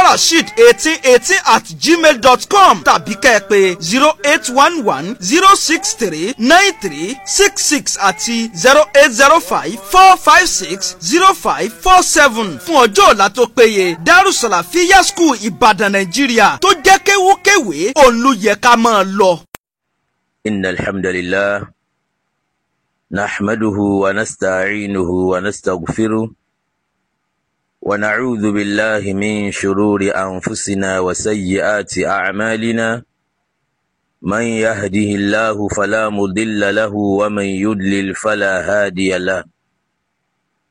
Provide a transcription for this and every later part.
farasheed eighteen eighteen at gmail dot com tàbí kẹ́ẹ̀pè zero eight one one zero six three nine three six six àti zero eight zero five four five six zero five four seven fún ọjọ́ ọ̀la tó péye darussalafiya school ìbàdàn nàìjíríà tó jẹ́ kéwúkéwé òun ló yẹ ká máa lọ. إن الحمد لله نحمده ونستعينه ونستغفره ونعوذ بالله من شرور أنفسنا وسيئات أعمالنا من يهده الله فلا مضل له ومن يضلل فلا هادي له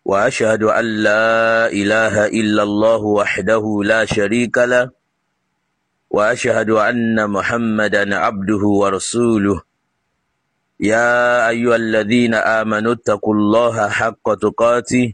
وأشهد أن لا إله إلا الله وحده لا شريك له وأشهد أن محمدا عبده ورسوله يا أيها الذين آمنوا اتقوا الله حق تقاته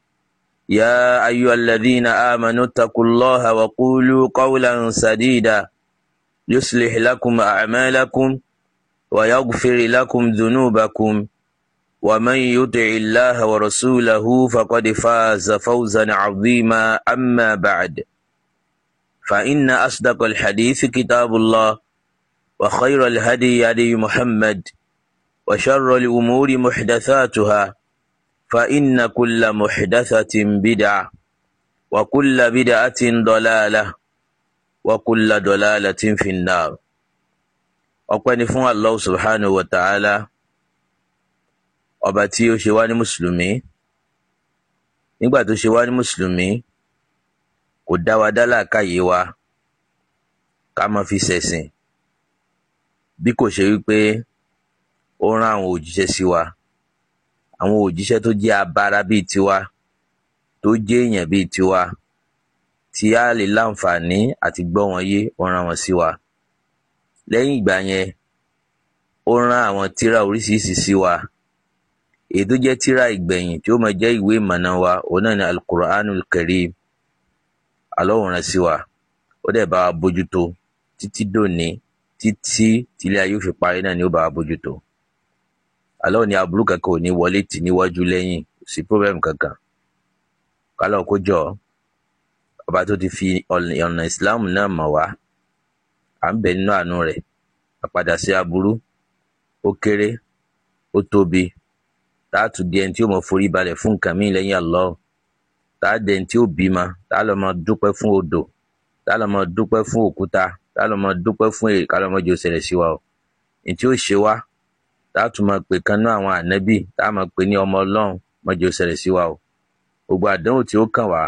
يا أيها الذين آمنوا اتقوا الله وقولوا قولا سديدا يصلح لكم أعمالكم ويغفر لكم ذنوبكم ومن يطع الله ورسوله فقد فاز فوزا عظيما أما بعد فإن أصدق الحديث كتاب الله وخير الهدي هدي محمد وشر الأمور محدثاتها فإن كل محدثة بدعة وكل بدعة ضلالة وكل ضلالة في النار ọpẹ́ ni fún Allah subhanahu wa ta'ala ọba tí ó ṣe wá ní mùsùlùmí nígbà tó ṣe wá ní mùsùlùmí kò dá wa dá làákàyè wa ká má fi ṣẹ̀sìn bí kò ṣe wípé ó rán àwọn òjíṣẹ́ sí wa. Si àwọn òjíṣẹ́ tó jẹ́ abara bíi tiwa tó jẹ́ èèyàn bíi tiwa tí a lè láǹfààní àti gbọ́ wọn yé ó rán wọn sí wa lẹ́yìn ìgbà yẹn ó rán àwọn tírà oríṣiríṣi sí wa èyí tó jẹ́ tírà ìgbẹ̀yìn tí ó máa jẹ́ ìwé ìmọ̀nà wa òun náà ni alukur'anul karim alọ́wọ̀nrán sí wa ó dẹ̀ bá wa bójútó títí dòní títí tílé ayé ó parí náà ni ó bá wa bójútó. Allah ní aburú kankan ò ní wọlé tì níwájú lẹ́yìn kò sí problem kankan kálọ̀ kó jọ ọba tó ti fi ọ̀nà ìsìláàmù náà mọ̀ wá à ń bẹ nínú àánú rẹ̀ àpadà sí aburú ó kéré ó tóbi táàtù di ẹni tí ó mọ forí balẹ̀ fún nǹkan míì lẹ́yìn Allah táàdì ẹni tí ó bímọ táàlọ́ mọ dúpẹ́ fún odò táàlọ́ mọ dúpẹ́ fún òkúta táàlọ́ mọ dúpẹ́ fún èrè kálọ́ mọ jò ṣẹlẹ̀ sí wa o ní tí ó ṣe wá tá a tún máa pè kan nínú àwọn ànábì tá a máa pè ní ọmọ ọlọ́run mọ́jọ ṣẹlẹ̀ sí wa o gbogbo àdánwò tí ó kàn wá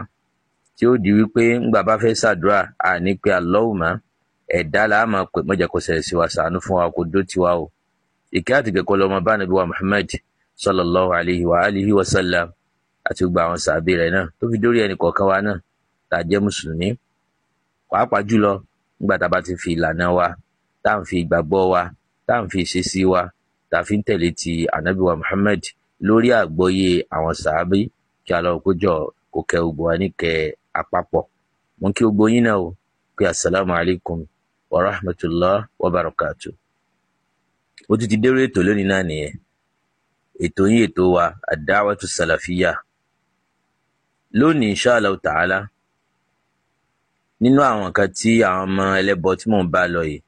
tí ó di wípé ńgbà bá fẹ́ ṣàdúrà àní pé àlọ́wùmá ẹ̀dá la á máa pè ṣẹlẹ̀ sí wa ṣàánú fún wa kó dó tiwa o ìkẹ́ àtìgẹ̀kọ́ lọ́mọ bá nàbí wa Muhammad sallallahu alayhi wa alihi wa sallam àti gbogbo àwọn sàbí rẹ̀ náà tó fi dórí ẹnì kọ̀ọ̀kan wa náà tá a jẹ́ mùsùlùmí pàápàá jùlọ nígbà tá a bá ti fi ìlànà wa tá à ń fi ìgbàgbọ́ wa tá à ń fi ìṣesí wa tá a fi ń tẹ̀lé ti ànábì wa Muhammad lórí àgbọ́yé àwọn sàábí kí a lọ kójọ kó kẹ́ gbogbo wa níkẹ́ àpapọ̀ mo kí gbogbo yín náà pé asalaamu alaykum wa rahmatulah wa barakatu. ó ti ti dérò ètò lónìí náà nìyẹn ètò yín ètò wa àdáwàtú sàlàfíà lónìí insha Allah ta'ala nínú àwọn nǹkan tí àwọn ọmọ ẹlẹ́bọ tí mò ń bá lọ yìí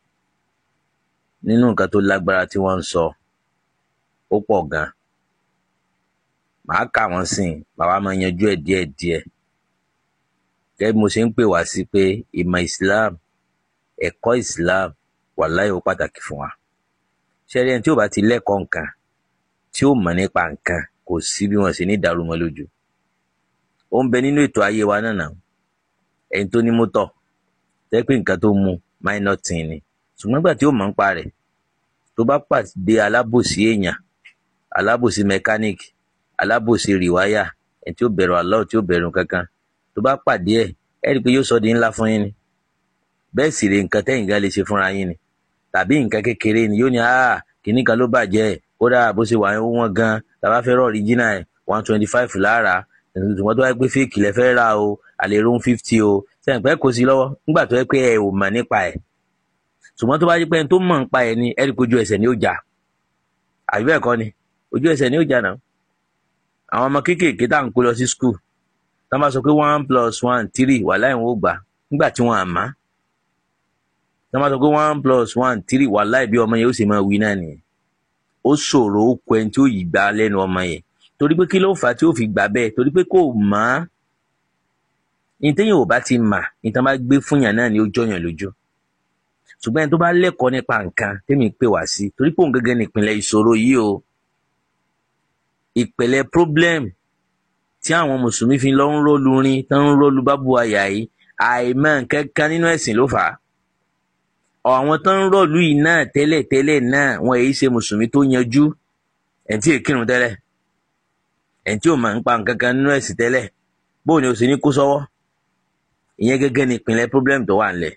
nínú nǹkan tó lágbára tí wọ́n ń sọ. So ó pọ̀ gan. Màá kà wọ́n síìn, màá wá máa yanjú ẹ̀ díẹ̀díẹ̀. Gẹ́gẹ́ mo ṣe ń pè wá sí pé ìmọ̀ Islam, ẹ̀kọ́ Islam wàláhì ó pàtàkì fún wa. Ṣé ẹ rí ẹni tí ò bá ti lẹ́kọ̀ọ́ nǹkan, tí ò mọ̀ nípa nǹkan kò sí bí wọ́n ṣe ní dàrú mọ́ lójú. Ó ń bẹ nínú ètò ayé wa náà now. Ẹni tó ní mọ́tọ̀ tó nǹkan tó mu minor thing ni. Ṣùgbọ́n nígbà tí ò mọ̀ ńpa rẹ̀, tó bá pàdé alábòsí èèyàn alábòsí mechanic alábòsí rìwáyà ẹ̀ tí ó bẹ̀rù Allah tí ó bẹ̀rù kankan tó bá pàdé ẹ̀ ẹ̀ rí i pé yóò sọ di ńlá fún yín ni bẹ́ẹ̀ sì rè nǹkan tẹ́yìn gan lè ṣe fúnra yín ni tàbí nǹkan kékeré ni yóò ní ah kìíní kan ló bàjẹ́ kódà bó ṣe wà wọ́n gan tàbá fẹ́ rọ̀ original ẹ̀ one twenty five lára ṣùgbọ́n tó wáyé pé fíìkì lẹ fẹ́ ra o àlè room fifty o sẹ́yìn pẹ́ kó sí lọ́wọ́ nígbà tó yẹ pé ẹ ò mọ̀ nípa ẹ̀ ṣùgbọ́n tó bá yẹ pé ẹni tó mọ̀ nípa ẹ̀ ni ẹ̀rí kojú ẹsẹ̀ ni ó jà àbí bẹ́ẹ̀ kọ́ ni ojú ese ni o jana. àwọn ọmọ kéékèèké tá à ń kó lọ sí skul tá a máa sọ pé one plus one three wà láì wọn ò gbà nígbà tí wọn à má tá a máa sọ pé one plus one three wà láì bí ọmọ yẹn ó sì máa wí náà nìyẹn ó ṣòro ó kọ ẹni tí ó gbà ọmọ yẹn torí pé kí ló fà á fi gbà bẹ́ẹ̀ torí pé kò mọ̀ á ti mà ní bá gbé fún yàn náà ni ó jọyàn lójú ṣùgbọ́n ẹni tó bá lẹ́kọ̀ọ́ nípa nǹkan tẹ́mi pè wá sí torí ìpìlẹ̀ problem tí àwọn mùsùlùmí fi lọ ń rọ́lu rin tán ń rọ́lu bábúwayà yìí àìmọ̀ kankan nínú ẹ̀sìn ló fà á àwọn tán ń rọ́lu yìí náà tẹ́lẹ̀ náà wọ́n èyí ṣe mùsùlùmí tó yanjú ẹ̀ tí tẹ́lẹ̀ ẹ̀ tí ò kankan nínú ẹ̀sìn tẹ́lẹ̀ bóun ni o sì ní kó sọ́wọ́ ìyẹn ni ìpìlẹ̀ problem tó wà nílẹ̀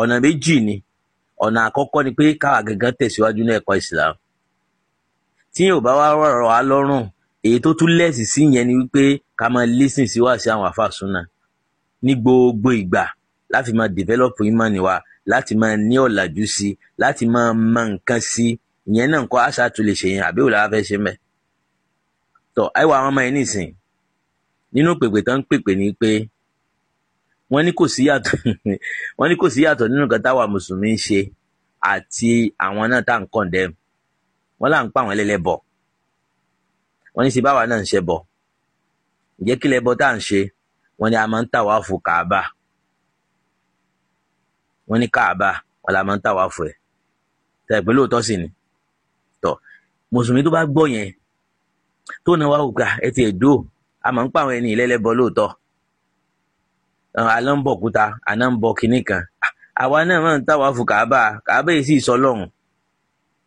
ọ̀nà méjì ni ọ̀nà ni pé káwa gẹ́gẹ́ tẹ̀síwájú ní ẹ̀kọ́ ìsìlámù tí yóò bá wá rọ̀rọ̀ wá lọ́rùn èyí tó tún lẹ́sìn sí yẹn ni wípé ká máa lísìn sí wàásù àwọn àfàsúnà ní gbogbo ìgbà láti máa develop ìmánì wa láti máa ní ọ̀làjú sí láti máa mọ nǹkan sí ìyẹn náà nǹkan àṣà tún lè ṣe yẹn àbí òlà fẹ́ ṣe mẹ́. tọ́ ẹ àwọn ọmọ yẹn nìsín nínú pèpè tán ń pèpè ni pé wọ́n ní kò sí yàtọ̀ wọ́n ní kò sí yàtọ̀ nínú nǹkan táwa mùsùlùmí ń ṣe àti àwọn náà tá à ń kọ̀ndẹ́mù wọ́n là ń pa àwọn ẹlẹ́lẹ́bọ wọ́n ní sí báwa náà ń ṣe bọ̀ ǹjẹ́ kí lẹ́bọ tá à ń ṣe wọ́n ní a máa ń tà wá fún kàába wọ́n ní kàába wọ́n la máa ń tà wá fún ẹ̀ tẹ̀ pé lóòótọ́ sì ni tọ̀ mùsùlùmí tó bá gbọ́ yẹn tó ní wá òkà ẹ ti èdò a máa ń pa àwọn ẹni ìlẹ́lẹ́bọ lóòótọ́ àná ń bọ̀ kúta kan àwa náà máa ń tà wá fún kàába kàába yìí sì sọ lọ́hùn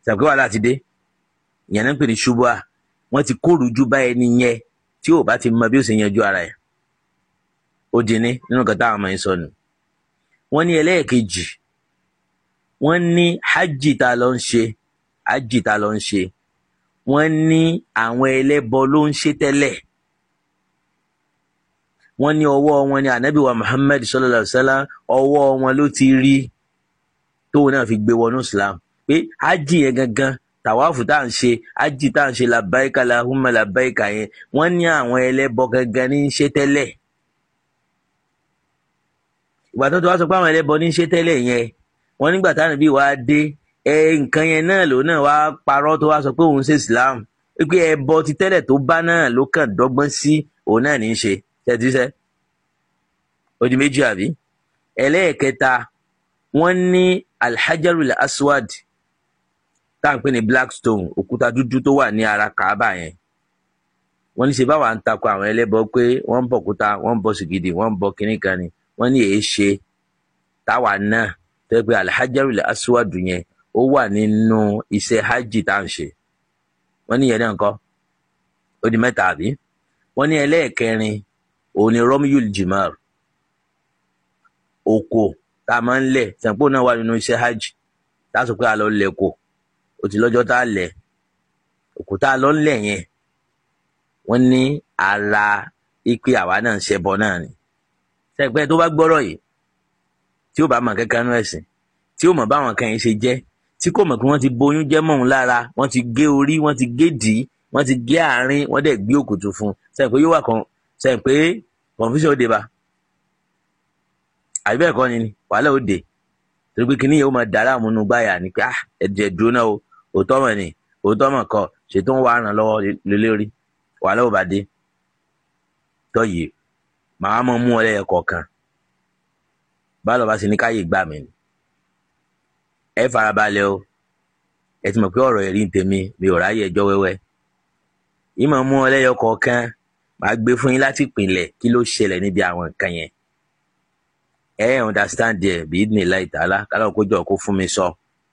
tẹ̀ pé wàhálà dé ìyẹn náà ń pè ní ṣubúà wọ́n ti kóòrùjú bá ẹni yẹn tí ò bá ti mọ bí ó ṣe yanjú ara ẹ̀ ó di ní nínú nǹkan táwọn ọmọ yẹn sọ nù. wọ́n ní ẹlẹ́ẹ̀kejì wọ́n ní hajj ta ló ń ṣe hajj ta ló ń ṣe wọ́n ní àwọn ẹlẹ́bọ ló ń ṣe tẹ́lẹ̀ wọ́n ní ọwọ́ wọn ní anabi muhammed sallallahu alaihi wa sallam ọwọ́ wọn ló ti rí tóun náà fi gbé wọnú islam pé hajj yẹn gangan tàwáàfù tá à ń ṣe ájì tá à ń ṣe làbáyíká làhùnmá làbáyíká yẹn wọ́n ní àwọn ẹlẹ́bọ gangan ní í ṣe tẹ́lẹ̀ ìgbà tó ti wá sọ pé àwọn ẹlẹ́bọ ní í ṣe tẹ́lẹ̀ yẹn wọ́n nígbà táwọn ìbí wa dé ẹ nǹkan yẹn náà lòun náà wá parọ́ tó wá sọ pé òun ṣe Islam pé ẹbọ ti tẹ́lẹ̀ tó bá náà ló kàn dọ́gbọ́n sí òun náà ní í ṣe tẹ́tíṣẹ́ odi méjì àbí ẹlẹ́ẹ̀kẹta wọ́n ní alhajarul aswad tá à pè ní Blackstone òkúta dúdú tó wà ní ara Kaaba yẹn wọ́n ní ṣe báwa ń takò àwọn ẹlẹ́bọ pé wọ́n ń bọ òkúta wọ́n ń bọ sìgìdì wọ́n ń bọ kínní kan ni wọ́n ní èé ṣe táwa náà tó yẹ pé alhajarul aswad yẹn ó wà nínú iṣẹ́ hajj tá à ṣe wọ́n ní yẹn náà kọ́ ó di mẹ́ta àbí wọ́n ní ẹlẹ́ẹ̀kẹrin òun ni romyul jimar oko tá a máa ń lẹ̀ tẹ̀pọ̀ náà wà nínú iṣẹ́ hajj tá a sọ pé a lọ lẹ̀ ó ti lọ́jọ́ tá a lẹ̀ òkúta lọ́nlẹ̀ yẹn wọ́n ní ara ipe àwa náà ń ṣẹbọ náà ni sẹ́pẹ́ tó bá gbọ́rọ̀ yìí tí ó bá mọ̀ kankan nú ẹ̀sìn tí ó mọ̀ báwọn kan yìí ṣe jẹ́ tí kò mọ̀ pé wọ́n ti boyún jẹ́ mọ́ òun lára wọ́n ti gé orí wọ́n ti gé dìí wọ́n ti gé àárín wọ́n dẹ̀ gbé òkùtù fún un sẹ́pẹ́ yóò wà kan sẹ́pẹ́ confusion ó dé bá àbí bẹ́ẹ̀ kọ́ ni wàhálà ó dé torí pé kíní yẹn ó máa dàrá àmúnú gbáyà ni pé ah ẹ̀dùn ẹ̀dùn náà o òótọ́ mọ̀ ni òótọ́ mọ̀ kọ ṣètò ń wá ràn lọ́wọ́ lélẹ́rí wà lọ́wọ́ bá dé tọ́yè màá mọ̀ mú ọ lẹ́yẹ kọ̀ọ̀kan báwo bá ṣe ní káyè gbà mí ni ẹ farabalẹ̀ o ẹ ti mọ̀ pé ọ̀rọ̀ ẹ̀rí tèmi mi ò ráyè ẹjọ́ wẹ́wẹ́ yìí mọ̀ mú ọ kọ̀ọ̀kan màá gbé fún yín láti ìpìlẹ̀ kí ló ṣẹlẹ̀ níbi àwọn nǹkan yẹn ẹ understand ẹ bí ní láì tààlà kálọ̀ kó jọ kó fún mi sọ. So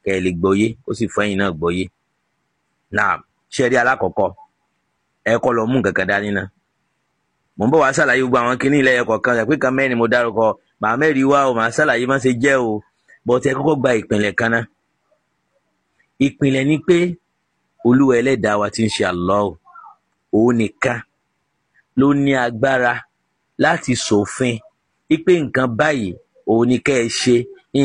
kẹ́ ẹ lè gbọ́yé ó sì fún ẹ̀yin náà gbọ́yé náà ṣẹ́rí alákọ̀ọ́kọ́ ẹ kọ́ lọ mú nǹkan kan dání náà mò ń bọ̀ wá ṣàlàyé gbogbo àwọn kinní ilẹ̀ ẹ̀kọ́ kan ṣàpé kan mẹ́rin mo dárúkọ màá mẹ́rin wá o màá ṣàlàyé má ṣe jẹ́ o bọ́tẹ́ kọ́kọ́ gba ìpìlẹ̀ kan náà ìpìlẹ̀ ni pé olúwa ẹlẹ́dàá wa ti ń ṣe Allah òun nìkan ló ní agbára láti ṣòfin wípé nǹkan báyìí òun ni kẹ́ ẹ ṣe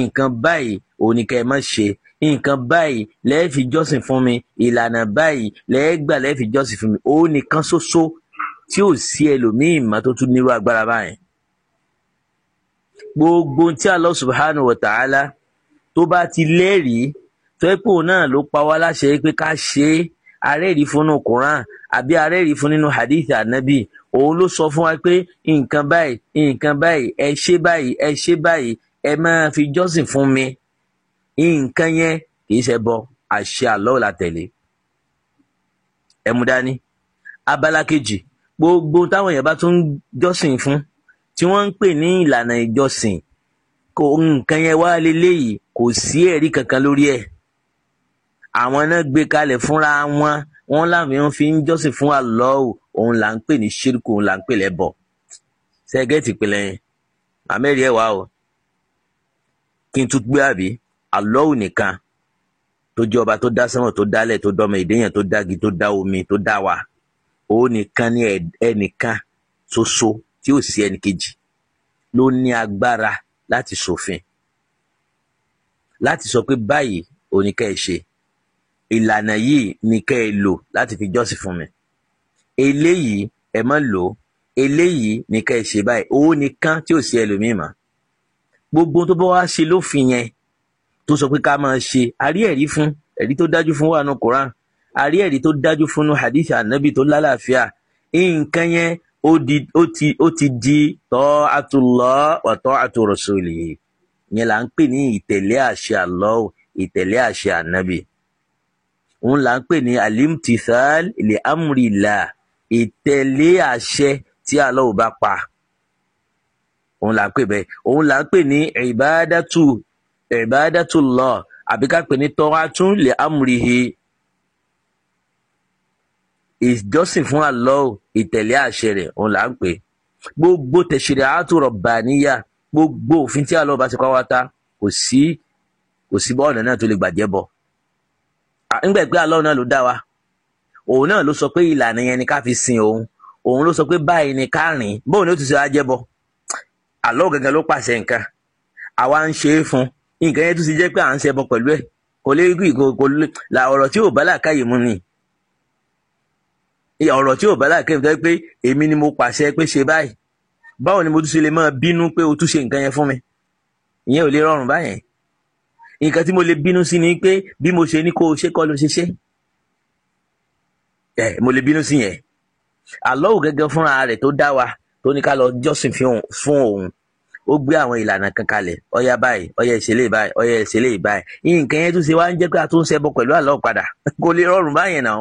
nǹkan báyìí òun ni kẹ́ ẹ má ṣe nǹkan báyìí lẹ́ẹ̀ fi jọ́sìn fún mi ìlànà báyìí lẹ́ẹ̀ gbà lẹ́ẹ̀ fi jọ́sìn fún mi òun nìkan ṣoṣo tí ò sí ẹlòmíì mà tó tún nírú agbára báyìí. gbogbo tí Allah subhanahu wa ta'ala tó bá ti lẹ́rìí tọ́pọ̀ náà ló pa wá láṣẹ pé ká ṣe é arẹ́rìí fún nínú Quran àbí arẹ́rìí fún nínú hadith anabi òun ló sọ fún wa pé nǹkan báyìí nǹkan báyìí ẹ ṣe báyìí ẹ ṣe báyìí ẹ máa fi jọ́sìn fún mi nǹkan yẹn kì í ṣe bọ àṣẹ àlọ́ la tẹ̀lé ẹ mú dání abala kejì gbogbo táwọn èèyàn bá tún jọ́sìn fún tí wọ́n ń pè ní ìlànà ìjọsìn kò nǹkan yẹn wá leléyìí kò sí ẹ̀rí kankan lórí ẹ̀ àwọn náà gbé kalẹ̀ fúnra wọn wọn làwọn fi ń jọ́sìn fún àlọ́ òun là ń pè ní ṣírkù òun là ń pè lẹ́bọ ṣẹ́gẹ́tì ìpìlẹ̀ yẹn àmẹ́rí ẹ̀ wá o kí n tún gbé àbí Allahu nìkan tó jẹ́ ọba tó dá sánmọ̀ tó dálẹ̀ tó dọ́mọ ìdéyàn tó dági tó dá omi tó dá wa òun nìkan ni ẹnìkan ṣoṣo tí ò sí ẹnìkejì ló ní agbára láti ṣòfin láti sọ pé báyìí oníkẹ́ ẹ ṣe ìlànà yìí ni kẹ́ ẹ lò láti fi jọ́sìn fún mi eléyìí ẹ má lò eléyìí ni kẹ́ ẹ ṣe báyìí òun nìkan tí ò sí ẹlòmíì mọ́ gbogbo tó bá wá ṣe lófin yẹn tó sọ pé ká máa ṣe a ẹ̀rí fún ẹ̀rí tó dájú fún wa nu Quran a ẹ̀rí tó dájú fún hadith anabi tó lálàáfíà nǹkan yẹn ó di ó ti di ta'atullah wa ta'atu rasulihi yẹn là ń pè ní ìtẹ̀lé àṣẹ Allah ìtẹ̀lé àṣẹ anabi òun là ń pè ní alimtithal li amrillah ìtẹ̀lé àṣẹ tí Allah bá pa òun là ń pè bẹ́ẹ̀ òun là ń pè ní ibadatu ibadatullah àbí ká pè ní tọ́wátún lè amúrihì ìjọsìn fún àlọ́ ìtẹ̀lé àṣẹ rẹ̀ òun là ń pè gbogbo tẹ̀síre àtúrọ̀ bà níyà gbogbo òfin tí àlọ́ bá ti kọ́ ta kò sí kò sí bọ́ ọ̀nà náà tó lè gbàjẹ́ bọ̀ nígbà pé Allah náà ló dá wa òun náà ló sọ pé ìlànà yẹn ni ká fi sin òun òun ló sọ pé báyìí ni ká rìn bóun ni ti bọ̀ ló pàṣẹ nǹkan àwa ń ṣe é fún un nǹkan yẹn tún ti jẹ́ pé à ń ṣẹbọ pẹ̀lú ẹ̀ kò lè rí kò lè là ọ̀rọ̀ tí ò bá làákàyè mu ni ọ̀rọ̀ tí ò bá làákàyè mu tó yẹ pé èmi ni mo pàṣẹ pé ṣe báyìí báwo ni mo tún ṣe lè máa bínú pé o tún ṣe nǹkan yẹn fún mi ìyẹn ò lè rọrùn báyẹn nǹkan tí mo lè bínú sí ni pé bí mo ṣe ní kó o ṣe kọ́ ló ṣe ṣe ẹ mo lè bínú sí yẹn àlọ́wù gẹ́gẹ́ fúnra rẹ̀ tó dá wa tó ní ká lọ jọ́sìn fún òun ó gbé àwọn ìlànà kan kalẹ̀ ọyá báyìí ọyá ìṣẹ̀lẹ̀ báyìí ọyá ìṣẹ̀lẹ̀ báyìí nǹkan yẹn tún ṣe wá ń jẹ́ pé a tún ṣẹbọ pẹ̀lú àlọ́ padà kò lè rọrùn báyẹn náà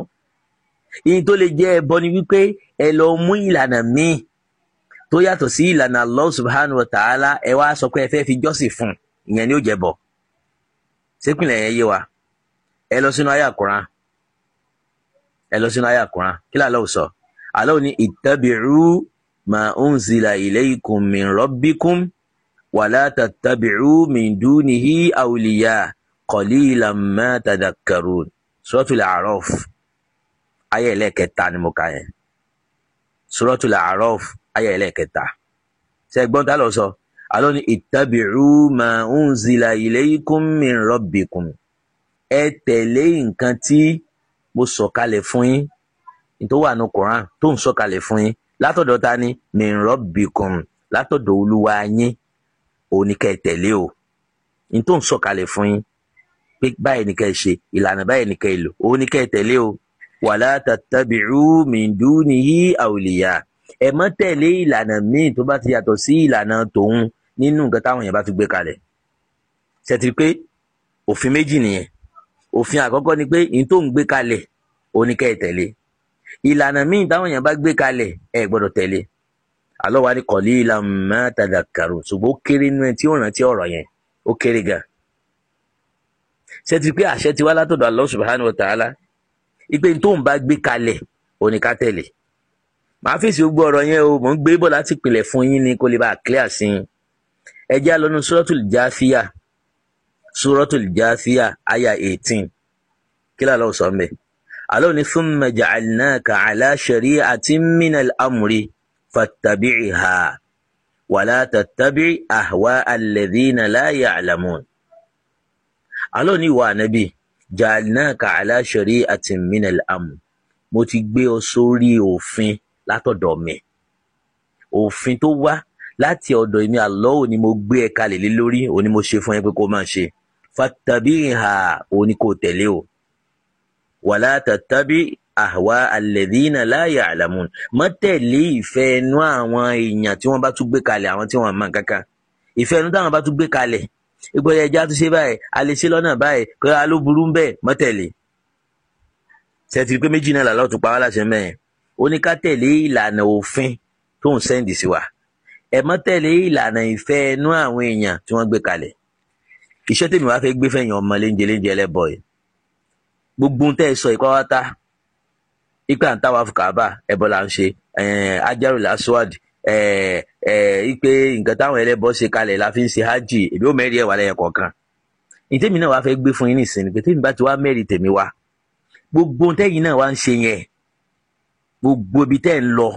yìí tó lè jẹ́ ẹbọ ni wípé ẹ lọ mú ìlànà míì tó yàtọ̀ sí ìlànà Allah subhanahu wa ta'ala ẹ wá sọ fi jọ́sìn fún ìyẹn ni ó jẹ bọ̀ wa ẹ lọ sínú ẹ lọ sínú kí làlọ́ sọ àlọ́ ni ma unzila wala tattabi'u min dunihi awliya qalilan ma tadhakkarun suratul A'raf ayé ẹlẹ́kẹta ni mo kà yẹn suratul A'raf ayé ẹlẹ́kẹta ṣẹ́gbọ́n tá lọ sọ àlọ́ ni ittabi'u ma unzila ilaykum min rabbikum ẹ tẹ̀lé nǹkan tí mo sọ̀kalẹ̀ fún yín tó wà ní Qur'an tó ń sọ̀kalẹ̀ fún yín látọ̀dọ̀ ta ni min rabbikum látọ̀dọ̀ olúwa yín òun ni kẹ́ ẹ tẹ̀lé o ní tó ń sọ̀kalẹ̀ fún yín pé báyìí ni kẹ́ ẹ ṣe ìlànà báyìí ni kẹ́ ẹ lò òun ni kẹ́ ẹ tẹ̀lé o wala tattabi'u min dunihi awliya ẹ má tẹ̀lé ìlànà míì tó bá ti yàtọ̀ sí ìlànà tòun nínú nǹkan táwọn èèyàn bá ti gbé kalẹ̀ ṣètì pé òfin méjì nìyẹn òfin àkọ́kọ́ ni pé ní tó ń gbé kalẹ̀ òun ni kẹ́ ẹ tẹ̀lé ìlànà míì táwọn èèyàn bá gbé kalẹ̀ ẹ gbọ́dọ̀ tẹ̀lé Allah wa ní qalilan ma tadhakkarun ṣùgbọ́n ó kéré nínú ẹ tí ó rántí ọ̀rọ̀ yẹn ó kéré gan. ṣé ti pé àṣẹ ti wá látọ̀dọ̀ Allah subhanahu wa ta'ala ipe tó ń bá gbé kalẹ̀ òní tẹ̀lé. màá fèsì gbogbo ọ̀rọ̀ yẹn o mò ń gbé bọ̀ láti pìlẹ̀ fún yín ni kó lè bá a clear sí i. ẹ já lọ́nu suratul Jathiyah suratul Jathiyah aya eighteen kí ló sọ mẹ́. Allah ní thumma ja'alnaka ala shari'atin minal amri. فاتبعها ولا تتبع أهواء الذين لا يعلمون alọ́ ní ìwà ànábì ja'alnaka من shari'atin minal amr mo ti gbé ọ sórí òfin látọ̀dọ̀ mi òfin tó wá láti ọ̀dọ̀ èmi àlọ́ òní mo gbé ẹ kalẹ̀ lé lórí òní mo ṣe fún ẹ pé kó máa ṣe fattabiha òní kò tẹ̀lé o wala tattabi Ahwa alladhina la ya'lamun má tẹ̀lé ìfẹ́ ẹnu àwọn èèyàn tí wọ́n bá tún gbé kalẹ̀ àwọn tí wọ́n mọ̀ kankan ìfẹ́ ẹnu táwọn bá tún gbé kalẹ̀ ìgbọ́dọ̀ ẹja tó ṣe báyìí a lè ṣe lọ́nà báyìí kí a ló burú ń bẹ̀ má tẹ̀lé ṣètì pé méjì náà làlọ́ tún pa wá láṣẹ mẹ́rin ó ní ká tẹ̀lé ìlànà òfin tó ń sẹ́ǹdì sí wa ẹ má tẹ̀lé ìlànà ìfẹ́ àwọn èèyàn tí wọ́n gbé kalẹ̀ iṣẹ́ tèmi wá fẹ́ gbé fẹ́yìn ọmọ léńjẹ léńjẹ yìí gbogbo tẹ́ ẹ sọ ìpáwátá Eh, eh, eh, ipe àǹtàwà fúkàbà ẹbọ là ń ṣe ajaru lasuad ipe nǹkan táwọn ẹlẹ́bọ ṣe kalẹ̀ la fi ń ṣe hajj èmi ò mẹ́rin ẹ̀wà e lẹ́yìn kọ̀ọ̀kan ìtẹ́mi náà wàá fẹ́ gbé fún yín nìsín ni pé tẹ́mi bá ti wá mẹ́rin tèmi wá gbogbo tẹ́yìn náà wá ń ṣe yẹn gbogbo ibi tẹ́ ń lọ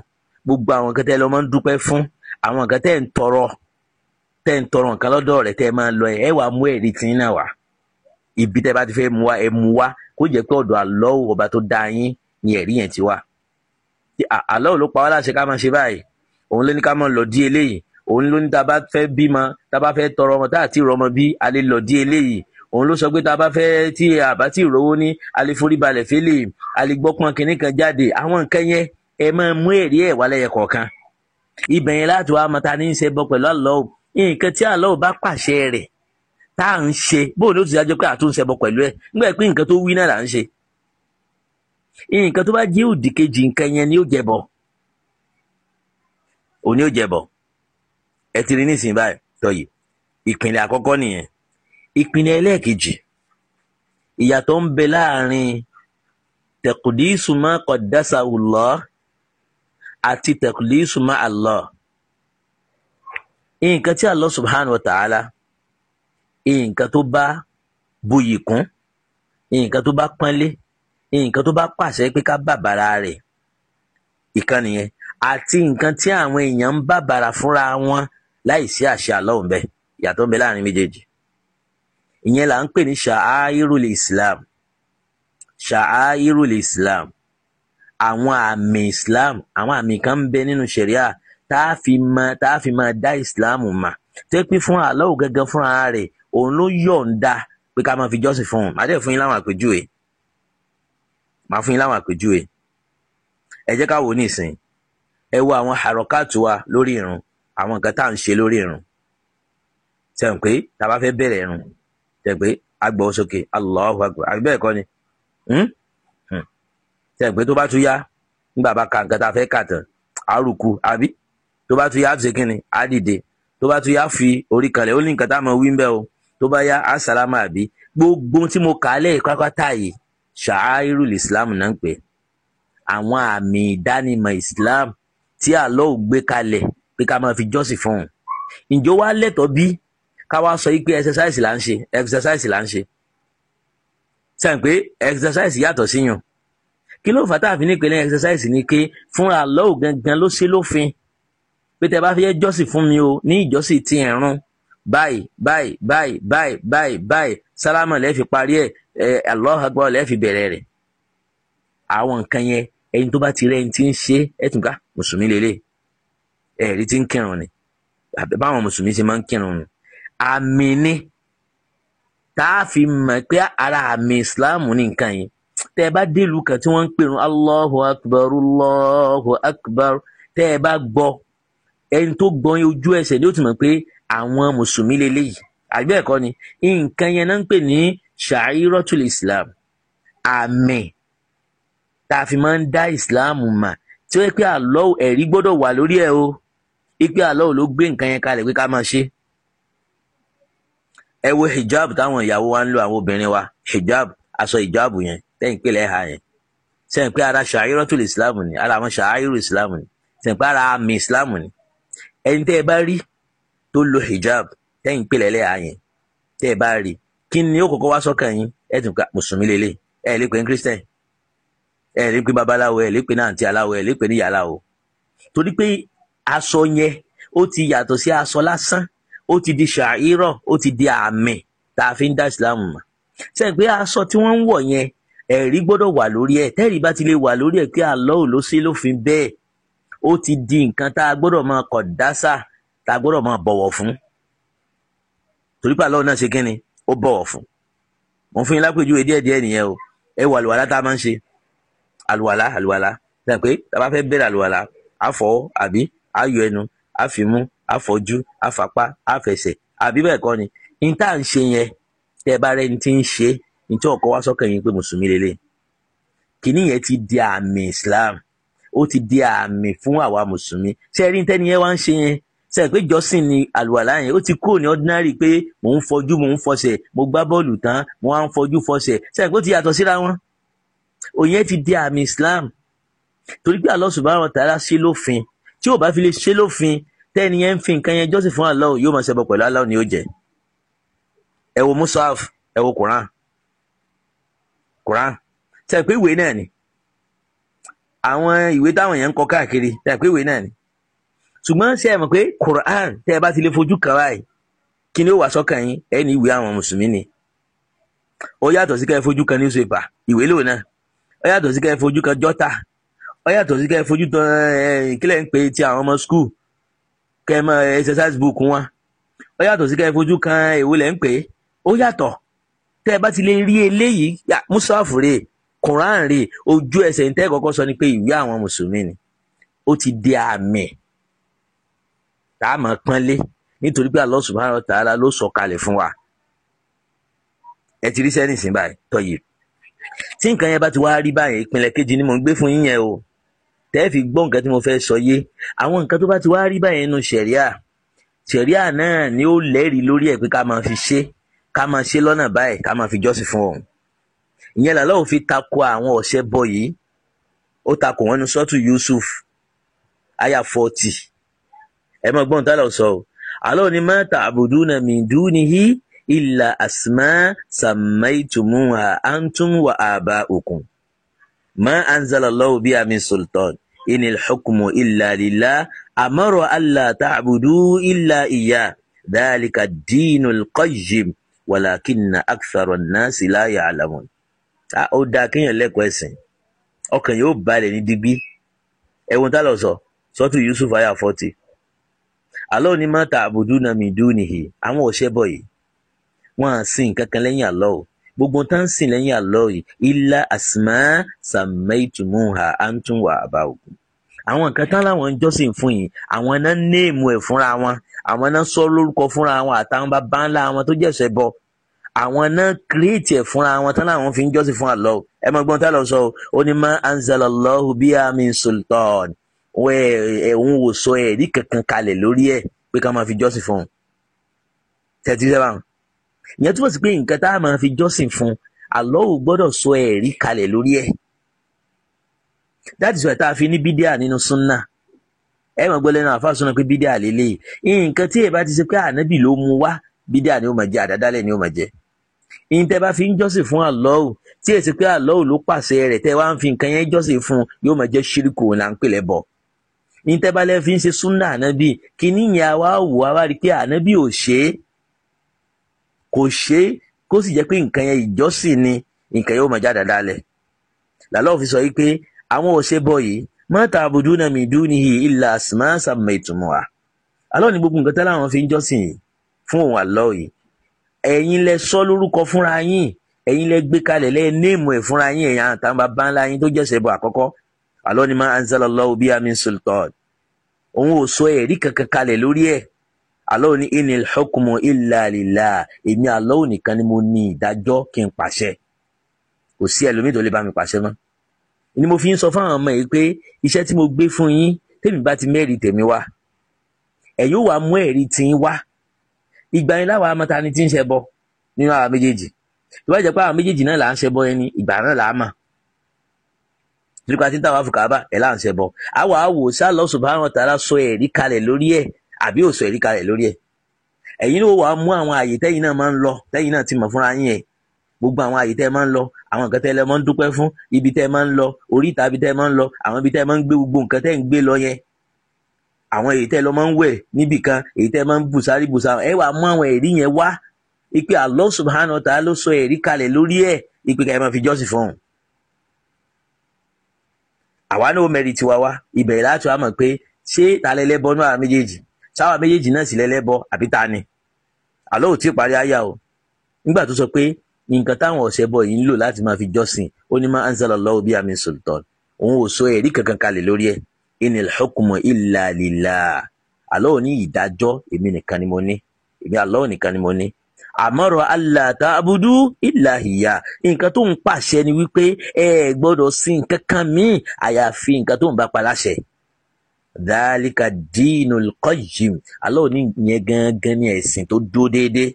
gbogbo àwọn nǹkan tẹ́ lọ máa ń dúpẹ́ fún àwọn nǹkan tẹ́ ń tọrọ tẹ́ ń tọrọ nǹkan lọ́dọ̀ rẹ̀ tẹ́ máa ń lọ ẹ e wàá mú ẹ̀rí tiyín náà wá ibi tẹ́ bá ti fẹ́ mú wá ẹ e mú wá kó jẹ́ pé ọ̀dọ̀ àlọ́ ọba tó dá yín ni ẹ̀rí yẹn ti wá àlọ́ ló pa wá láṣẹ ká máa ṣe báyìí òun ló ní ká máa lọ dí eléyìí òun ló ní tá a bá fẹ́ bímọ tá a bá fẹ́ tọrọ ọmọ tá a ti rọmọ bí a lè lọ dí eléyìí òun ló sọ pé tá a bá fẹ́ tí a bá ti rówó ní a lè forí balẹ̀ fẹ́lẹ̀ a lè gbọ́pọn kìnnì kan jáde àwọn nǹkan yẹn ẹ máa mú ẹ̀rí ẹ̀ wá lẹ́yẹ kọ̀ọ̀kan ibẹ̀ yẹn láti wá mọ́ta ní í ṣe bọ́ pẹ̀lú àlọ́ nǹkan tí àlọ́ bá pàṣẹ rẹ̀ tá à ń ṣe bóun ló ti dájọ́ pé àtúnṣe bọ́ pẹ̀lú ẹ̀ nígbà pé nǹkan tó wí náà là ń ṣe nǹkan tó bá jẹ́ òdì kejì nǹkan yẹn ni ó jẹbọ òní ó jẹbọ ẹ ti rí nísìnyí báyìí tọyì ìpìlẹ̀ àkọ́kọ́ nìyẹn ìpìlẹ̀ ẹlẹ́ẹ̀kejì ìyàtọ̀ ń bẹ láàrin tẹkùdísù ma qaddasahu Allah àti tẹkùdísù ma Allah nǹkan tí Allah subhanahu wa ta'ala nǹkan tó bá buyì kún nǹkan tó bá pọ́nlé nǹkan tó bá pàṣẹ pé ká bàbàrà rẹ̀ ìkan nìyẹn àti nǹkan tí àwọn èèyàn ń bàbàrà fúnra wọn láì sí àṣẹ àlọ́hùn bẹ́ẹ̀ ìyàtọ̀ ń bẹ láàrin méjèèjì ìyẹn là ń pè ní ṣàáírùlì islam ṣàáírùlì islam àwọn àmì islam àwọn àmì kan ń bẹ nínú ṣẹ̀ríà tá a fi máa dá islam mà tẹ́ pé fún àlọ́hùn gẹ́gẹ́ fúnra rẹ̀ òun ló yọ̀ǹda pé ká máa fi jọ́sìn fún un má fún yín láwọn àpèjúwe. ma fún yín láwọn àpèjúwe ẹ jẹ́ ká wò ó nísìn ẹ wo irun àwọn nǹkan tá à irun sẹ́wọ̀n pé tá a bá fẹ́ bẹ̀rẹ̀ irun sẹ́wọ̀n pé agbọ̀wọ́ sókè Allahu Akbar àbí bẹ́ẹ̀ kọ́ ni sẹ́wọ̀n hmm? hmm. pé tó bá tún yá nígbà bá ka nǹkan tá a fẹ́ kà tán àrùkù àbí tó bá tún yá ṣe á dìde tó bá tún fi orí kalẹ̀ ó ní nǹkan tá a mọ̀ wí ń bẹ́ gbogbo tí mo kà á lẹ́yìn pápátá ṣàáírùl islam náà ń pè àwọn àmì ìdánimọ̀ islam tí àlọ́ ò gbé kalẹ̀ pé ká máa fi jọ́sìn fún un ǹjọ́ wá lẹ́tọ̀ọ́ bí ká wá sọ yìí pé exercise là ń ṣe exercise là ń ṣe sẹ́yìn pé exercise yàtọ̀ síyàn kí ló fà tá a fi ní ìpínlẹ̀ exercise ni pé fúnra àlọ́ ò gangan ló ṣe lófin pé tẹ bá fẹ́ jọ́sìn fún mi o ní ìjọ́sìn ti ẹ̀rùn Baị! Baị! Baị! Baị! Baị! báyìí sálámà lẹ́ẹ̀ fi parí ẹ̀ ẹ̀ Allahu Akbar fi bẹ̀rẹ̀ rẹ̀ àwọn nǹkan yẹn ẹni tó bá ti rẹ́ ẹni ti ń ṣe ká mùsùlùmí ni báwọn mùsùlùmí ti máa ń kírun ni àmì ni tá fi pé ara àmì islamu ẹ bá kan tí Allahu Akbar Allahu Akbar ẹ bá ẹni tó ojú ni ó ti àwọn mùsùlùmí leléyìí àgbẹ̀ ẹ̀kọ́ ni nǹkan yẹn náà ń pè ní ṣàírọ́tul islam àmì tá a fi máa ń dá islam mà tí ó yẹ pé àlọ́ ẹ̀rí gbọ́dọ̀ wà lórí ẹ̀ o ipe àlọ́ ló gbé nǹkan yẹn kalẹ̀ pé ká máa ṣe. ẹ wo hijab táwọn ìyàwó wa ń lo àwọn obìnrin wa hijab aṣọ hijab yẹn tẹ́yìn pé lẹ́hà yẹn sẹ́yìn pé ara ṣàírọ́tul islam ni ara àwọn ṣàírù islam ni sẹ́yìn pé ara àmì islam ni ẹni tẹ́ ẹ bá rí tó lo hijab tẹ́yìn pèlè ẹlẹ́yà yẹn tẹ́ ẹ bá rí kí ni ó kọ́kọ́ wá sọ́kàn yín ẹ tún ká mùsùlùmí lélẹ̀ ẹ lè pè ní christian ẹ lè pè babaláwo ẹ lè pè ní àǹtí aláwo ẹ lè pè ní yàláwo torí pé aṣọ yẹn ó ti yàtọ̀ sí aṣọ lásán ó ti di ṣàírọ̀ ó ti di àmì tá a fi ń dá ìsìlámù mọ̀ sẹ́yìn pé aṣọ tí wọ́n ń wọ̀ yẹn ẹ̀rí gbọ́dọ̀ wà lórí ẹ̀ tẹ́rì bá ti lè wà lórí ẹ̀ pé àlọ́ ò ló bẹ́ẹ̀ ó ti di nǹkan tá a gbọ́dọ̀ máa kọ̀ dásà tá a gbọ́dọ̀ máa bọ̀wọ̀ fún torí pé Allah náà ṣe kínni ó bọ̀wọ̀ fún mo fún yín lápèjúwe díẹ̀ díẹ̀ nìyẹn o ẹ wọ àlùwàlá tá a máa ń ṣe àlùwàlá àlùwàlá ṣe pé tá a bá fẹ́ bẹ̀rẹ̀ àlùwàlá àfọ̀ àbí àyọ ẹnu àfimú àfọ̀jú àfapá àfẹsẹ̀ àbí bẹ́ẹ̀ kọ́ ni n tá à ń ṣe yẹn tẹ́ ẹ bá rẹ́ni tí ń ṣe n tí ọkọ wá sọ́kàn yín pé mùsùlùmí lélẹ̀ kìíní yẹn ti di àmì Islam ó ti di àmì fún àwa mùsùlùmí ṣe rí tẹ́ni wá ń ṣe yẹn sẹ́yìn pé ni àlùwàlá yẹn ó ti kúrò ní ordinary pé mò ń fojú mò ń fọsẹ̀ mo gbá bọ́ọ̀lù tán mo wá ń fojú fọsẹ̀ sẹ́yìn ó ti yàtọ̀ síra wọn òyìn ti di àmì Islam torí pé Allah subhanahu wa ta'ala ṣe lófin tí ò bá fi lè ṣe lófin tẹ́ni yẹn ń fi nǹkan yẹn jọ́sìn fún Allah yóò máa ṣẹbọ pẹ̀lú Allah ni ó jẹ ẹ wo musaf ẹ wo Quran Quran sẹ́yìn ìwé náà ni àwọn ìwé táwọn yẹn ń kọ káàkiri sẹ́yìn ìwé náà ni ṣùgbọ́n ṣe é mọ̀ pé Quran tẹ́ ẹ bá ti lè fojú kan báyìí kí ni ó wà sọ́kàn yín ẹ ní ìwé àwọn mùsùlùmí ni ó yàtọ̀ sí ká ẹ fojú kan newspaper ìwé lò náà ó yàtọ̀ sí ká ẹ fojú kan jọ́tà ó yàtọ̀ sí ká ẹ fojú kan eh, kílẹ̀ ń pè ti àwọn ọmọ school kẹ́ ẹ mọ exercise book wọn ó yàtọ̀ sí ká ẹ fojú kan èwo lẹ́ ń pè ó yàtọ̀ tẹ́ ẹ bá ti lè rí eléyìí mùsàfù rè Quran rè ojú ẹsẹ̀ ń tẹ́ kọ́kọ́ sọ ni pé ìwé àwọn mùsùlùmí ni ó ti di àmì tá a máa pọ́nlé nítorí pé Allah subhanahu wa ta'ala ló sọ kalẹ̀ fún wa ẹ ti rí sẹ́yìn sìn báyìí tọ́yì tí nǹkan yẹn bá ti wá rí báyìí ìpínlẹ̀ kejì ni mò ń gbé fún yín yẹn o tẹ́ ẹ fi gbọ́ nǹkan tí mo fẹ́ sọ yé àwọn nǹkan tó bá ti wá rí báyìí nínú ṣẹ̀ríà ṣẹ̀ríà náà ni ó lẹ́rìí lórí ẹ̀ pé ká máa fi ṣe ká máa ṣe lọ́nà báyìí ká máa fi jọ́sìn fún òun ìyẹn làlọ́ òfin tako àwọn ọ̀ṣẹ́ bọ̀ yìí ó tako wọn ní sọ́tù Yusuf aya forty ẹ mọ gbọ́n tá lọ sọ o àlọ́ ni má ta'buduna min dunihi illa asma sammaytumuha antum wa aba'ukum ma anzalallahu biha min sultan inil hukmu illa lillah amara alla ta'budu illa iya dhalika ad-dinul qayyim walakinna akthara an-nasi la ya'lamun. ó dáa kéèyàn lẹ́kọ̀ọ́ ẹ̀sìn ọkàn yóò balẹ̀ ní digbí ẹ̀wọ̀n tá sọ sọ́tù Yusuf aya forty Allah ni ma ta'buduna min dunihi àwọn òṣèbọ yìí wọ́n á sìn kankan lẹ́yìn Allah o gbogbo tá ń sìn lẹ́yìn Allah yìí illa asma sammaytumuha antum wa aba'ukum àwọn nǹkan tán láwọn ń jọ́sìn fún yìí àwọn náà ń néèmù ẹ̀ fúnra wọn àwọn náà sọ lórúkọ fúnra wọn àtàwọn bàbá ńlá wọn tó jẹ̀sẹ̀ bọ àwọn náà kírètì ẹ̀ fúnra wọn tán láwọn fi ń jọ́sìn fún Allah ẹ mọ gbọ́n tá lọ sọ o ó ní ó ewu òun ò sọ kankan kalẹ̀ lórí ẹ̀ pé ká máa fi jọ́sìn fún un tẹ̀tí sẹ́wà ìyẹn pe sí pé nǹkan tá fi jọ́sìn fún Allah ò gbọ́dọ̀ sọ ẹ̀rí kalẹ̀ lórí ẹ̀ that is why tá a fi ní bídíà nínú súnà ẹ mọ̀ gbọ́dọ̀ náà àfáà súnà pé bídíà lélẹ̀ nǹkan tí ẹ bá ti ṣe pé ànábì ló mu wá bídíà ni ó máa jẹ àdádálẹ̀ ni ó ìyẹn tẹ́ bá fi ń jọ́sìn fún tí pé ní tẹ́bálẹ́ fi ń ṣe súnà ànábì kíní yẹn a wá wò a wá rí i pé ànábì ò ṣe é kò ṣe é kó sì jẹ́ pé nǹkan yẹn ìjọ́sìn ni nǹkan yóò máa jáde dálẹ̀ làlọ́ fi sọ yìí pé àwọn òṣèbọ yìí mọ́tà àbùdú náà mi dùn níhi ìlà àsìmọ́ sàmì ìtumọ̀ wa alọ́ ni gbogbo nǹkan tẹ́lẹ̀ àwọn fi ń jọ́sìn yìí fún òun àlọ́ yìí ẹ̀yin lẹ sọ lórúkọ fúnra yín ẹ̀yin lẹ gbé kalẹ̀ lẹ́ẹ̀ néèmù ẹ̀ fúnra yín ẹ̀yàn àtàwọn bàbá ńlá yín tó jẹ́ ṣẹbọ àkọ́kọ́ Allah ni ma anzalallahu biha min sultan òun ò sọ ẹ̀rí kankan kalẹ̀ lórí ẹ̀ Allah ni inil hukmu illa lillah èmi Allah nìkan ni mo ní ìdájọ́ kí n pàṣẹ kò sí ẹlòmíì tó lè bá mi pàṣẹ mọ́ ni mo fi ń sọ fáwọn ọmọ yìí pé iṣẹ́ tí mo gbé fún yín tèmi bá ti mẹ́rin tèmi wá ẹ̀ yóò wá mú ẹ̀rí tí ń wá ìgbà yẹn láwa amọ̀ta ni ti ń ṣẹbọ nínú àwa méjèèjì tó bá jẹ́ pé àwa méjèèjì náà là ń ṣẹbọ ẹni ìgbà náà là á mọ̀ nípa tí ń tàwọn àfùkà bá ẹ̀ láǹṣẹ bọ àwa àwò sá Allah subhanahu wa ta'ala sọ ẹ̀rí kalẹ̀ lórí ẹ̀ àbí ò sọ ẹ̀rí kalẹ̀ lórí ẹ̀ ẹ̀yin ló wà á mú àwọn àyè tẹ́yìn náà máa ń lọ tẹ́yìn náà ti mọ̀ fúnra yín ẹ̀ gbogbo àwọn àyè tẹ́ máa ń lọ àwọn nǹkan tẹ́ lẹ́ máa ń dúpẹ́ fún ibi tẹ́ máa ń lọ orí ìta ibi tẹ́ máa ń lọ àwọn ibi tẹ́ máa ń gbé gbogbo nǹkan tẹ́ ń gbé lọ yẹn àwọn èyí tẹ́ lọ máa ń wẹ̀ níbì kan èyí tẹ́ máa ń bùsárí bùsá ẹ wà mú àwọn ẹ̀rí yẹn wá ipe Allah subhanahu wa ta'ala ló sọ ẹ̀rí kalẹ̀ lórí ẹ̀ ipe ká ẹ máa fi jọ́sìn fún un àwa náà ó mẹ́rin tiwa wá ìbẹ̀rẹ̀ láti wá mọ̀ pé ṣé ta lẹ́lẹ́bọ náà àwọn méjèèjì sáwọn méjèèjì náà sì lẹ́lẹ́bọ àbí ta ni àlọ́ ò tí ì parí àyà o nígbà tó sọ pé nǹkan táwọn ọ̀sẹ̀ bọ̀ yìí ń lò láti máa fi jọ́sìn ó ní máa ń sálọ lọ́wọ́ bí àmì sultan òun ò sọ ẹ̀rí kankan kalẹ̀ lórí ẹ̀ inil hukmu illa lillah àlọ́ ò ní ìdájọ́ èmi nìkan ni mo ní èmi àlọ́ nìkan ni mo ní àmọ́rọ̀ allah ta'budu illa hiya nǹkan tó ń pàṣẹ ni wípé ẹ gbọ́dọ̀ sí nǹkan kan míì àyàfi nǹkan tó ń bá paláṣẹ. dhalika dinul qayyim Allah ní ìyẹn gangan ní ẹ̀sìn tó dúró déédéé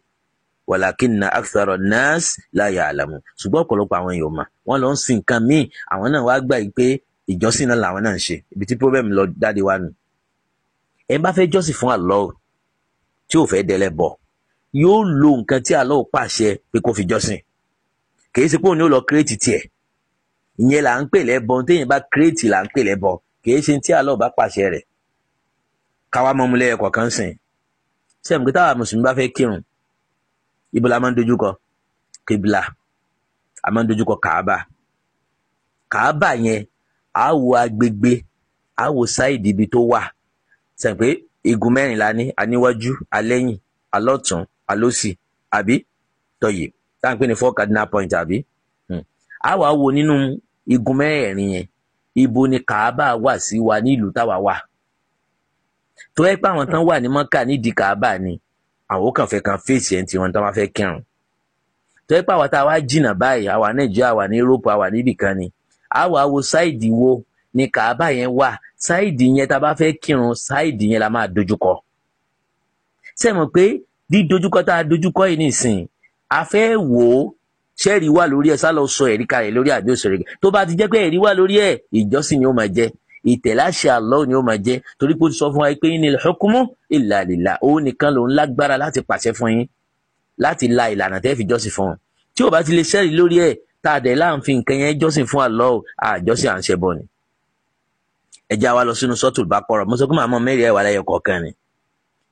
walakinna akthara an-nas la ya'lamun ṣùgbọ́n ọ̀pọ̀lọpọ̀ àwọn èèyàn mà wọ́n lọ ń sin nǹkan míì àwọn náà wá gbà pé ìjọsìn náà làwọn náà ń ṣe ibi tí problem lọ jáde wá nù ẹ bá fẹ́ jọ́sìn fún Allah tí ò fẹ́ dẹlẹ́bọ̀ọ́ yóò lo nǹkan tí Allah pàṣẹ pé kó fi jọ́sìn kìí ṣe pé òun ni ó lọ kírètì tiẹ̀ ìyẹn là ń pè lẹ́bọn téèyàn bá kírètì là ń pè lẹ́bọn kìí ṣe tí Allah bá pàṣẹ rẹ̀ káwa mọ́múlẹ̀ ẹ̀kọ́ kan sìn sẹ́mi pé táwa mùsùlùmí bá fẹ́ kírun ibo la máa ń dojúkọ kébìlà a máa ń dojúkọ kàába kàába yẹn a wo agbègbè a wo sáìdì ibi tó wà sẹ́mi pé igun mẹ́rìnlá ní aníwájú alẹ́yìn alọ́tún àlòsì àbí tọyì tá à ń pè ní four cardinal point àbí hmm. a wàá wo nínú igun mẹ́rẹ̀ẹ̀rin yẹn ibo ni Kaaba wà sí wa nílùú táwa wà tó ẹ pé àwọn tán wà ní Mọ́kà nídìí Kaaba ni àwọn kàn fẹ́ kan fèsì ẹ̀ ń tiwọn tán bá fẹ́ kírun tó ẹ pé àwa tá a wá jìnnà báyìí àwa Nàìjíríà àwa ní Europe àwa níbì ni a wàá wo sáìdì wo ni Kaaba yẹn wà sáìdì yẹn tá a bá fẹ́ kírun sáìdì yẹn la máa dojúkọ sẹ́mo pé dídojúkọ tá a dojúkọ yìí nìsín a fẹ́ wò ó ṣẹ́ẹ̀rí wà lórí ẹ̀ sá lọ sọ ẹ̀rí kalẹ̀ lórí àbí òṣèré tó bá ti jẹ́ pé ẹ̀rí wà lórí ẹ̀ ìjọsìn ni ó máa jẹ́ ìtẹ̀láṣẹ Allah ni ó máa jẹ́ torí pé ó ti sọ fún wa pé inil hukmu illa lillah òun nìkan lòun lágbára láti pàṣẹ fún yín láti la ìlànà tẹ́ fi jọ́sìn fún un tí ò bá ti lè ṣẹ́rìí lórí ẹ̀ tá a dẹ̀ láǹfin nǹkan yẹn jọ́sìn fún Allah àjọsìn à ń ni. ẹ já wa lọ sínú sọ́tù Baqara mo sọ pé màmá mẹ́rin ẹ̀ wà lẹ́yọ kọ̀ọ̀kan ni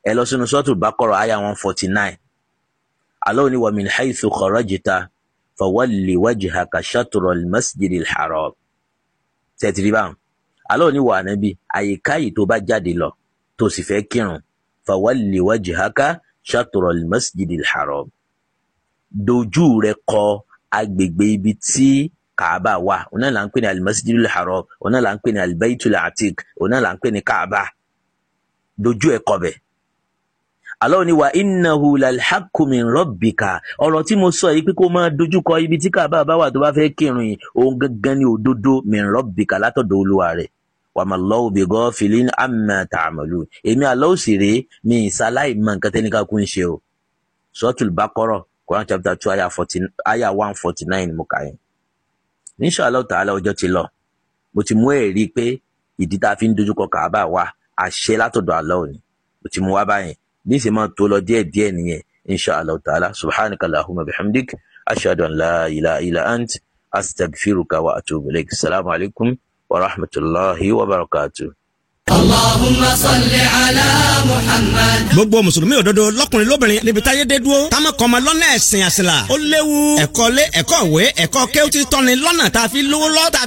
ẹ lọ sínú sọ́ọ̀tù bákọ́rọ̀ àyà one forty nine Allah ni wa min haythu kharajta fawalli wajhaka shatral masjidil haram tẹ̀tìrì báwọn Allah ni wà nábì àyíká yìí tó bá jáde lọ tó sì fẹ́ kírun fawalli wajhaka shatral masjidil haram dojú rẹ kọ agbègbè ibi tí kaaba wà ọ̀nà là ń pè ní al-masjidul haram ọ̀nà là ń pè ní al-baytul atiq ọ̀nà là ń kaaba dojú ẹ kọ Allah ni wa innahu lalhaqqu min rabbika ọ̀rọ̀ tí mo sọ yìí pé kó máa dojúkọ ibi tí kàbá bá wà tó bá fẹ́ kírun yìí òun gangan ni òdodo min rabbika látọ̀dọ̀ olúwa rẹ̀ wàmàlọ́wọ́ bìgọ́ fìlín àmà tààmàlú èmi Allah sì rèé mi ìsàláì mọ nǹkan tẹ́nìkà kún ṣe o suratul Baqarah Quran chapter two aya one forty nine mo kà yín insha Allah ta'ala ọjọ́ ti lọ mo ti mú ẹ̀rí pé ìdí tá a fi ń dojúkọ kàbá wa àṣẹ látọ̀dọ̀ Allah ni mo ti mú wá báyìí bí sì máa tó lọ díẹ̀díẹ̀ nìyẹn insha allah ta'ala subhanaka allahumma bihamdik ashhadu an la ilaha illa ant astaghfiruka wa atubu ilayk assalamu alaikum wa rahmatullahi wa barakatuh. Allahumma salli Muhammad. gbogbo mùsùlùmí òdodo lọ́kùnrin lóbìnrin níbi táyé dé dúró táwọn kan ma lọ́nà ẹ̀sìn àṣìlá ó léwu ẹ̀kọ́ lé ẹ̀kọ́ ìwé ẹ̀kọ́ kéwùtì tọ́ni lọ́nà tá lówó lọ́ tá a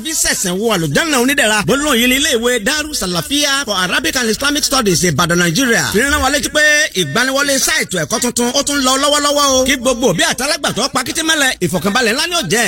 wọ àlùjáná onídẹ̀ra gbólóhùn ní ilé ìwé Daru Salafia for Arabic and Islamic Studies Ìbàdàn Nàìjíríà fìrìnà wọlé ti pé ìgbaniwọlé sáìtù ẹ̀kọ́ tuntun ó tún lọ lọ́wọ́lọ́wọ́ o kí gbogbo òbí àtàlágbàtọ́ pakitimẹ́lẹ̀ ìfọ̀kànbalẹ̀ ńlá ni ó jẹ́